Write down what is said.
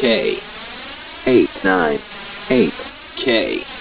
K. 8, 9, 8, K.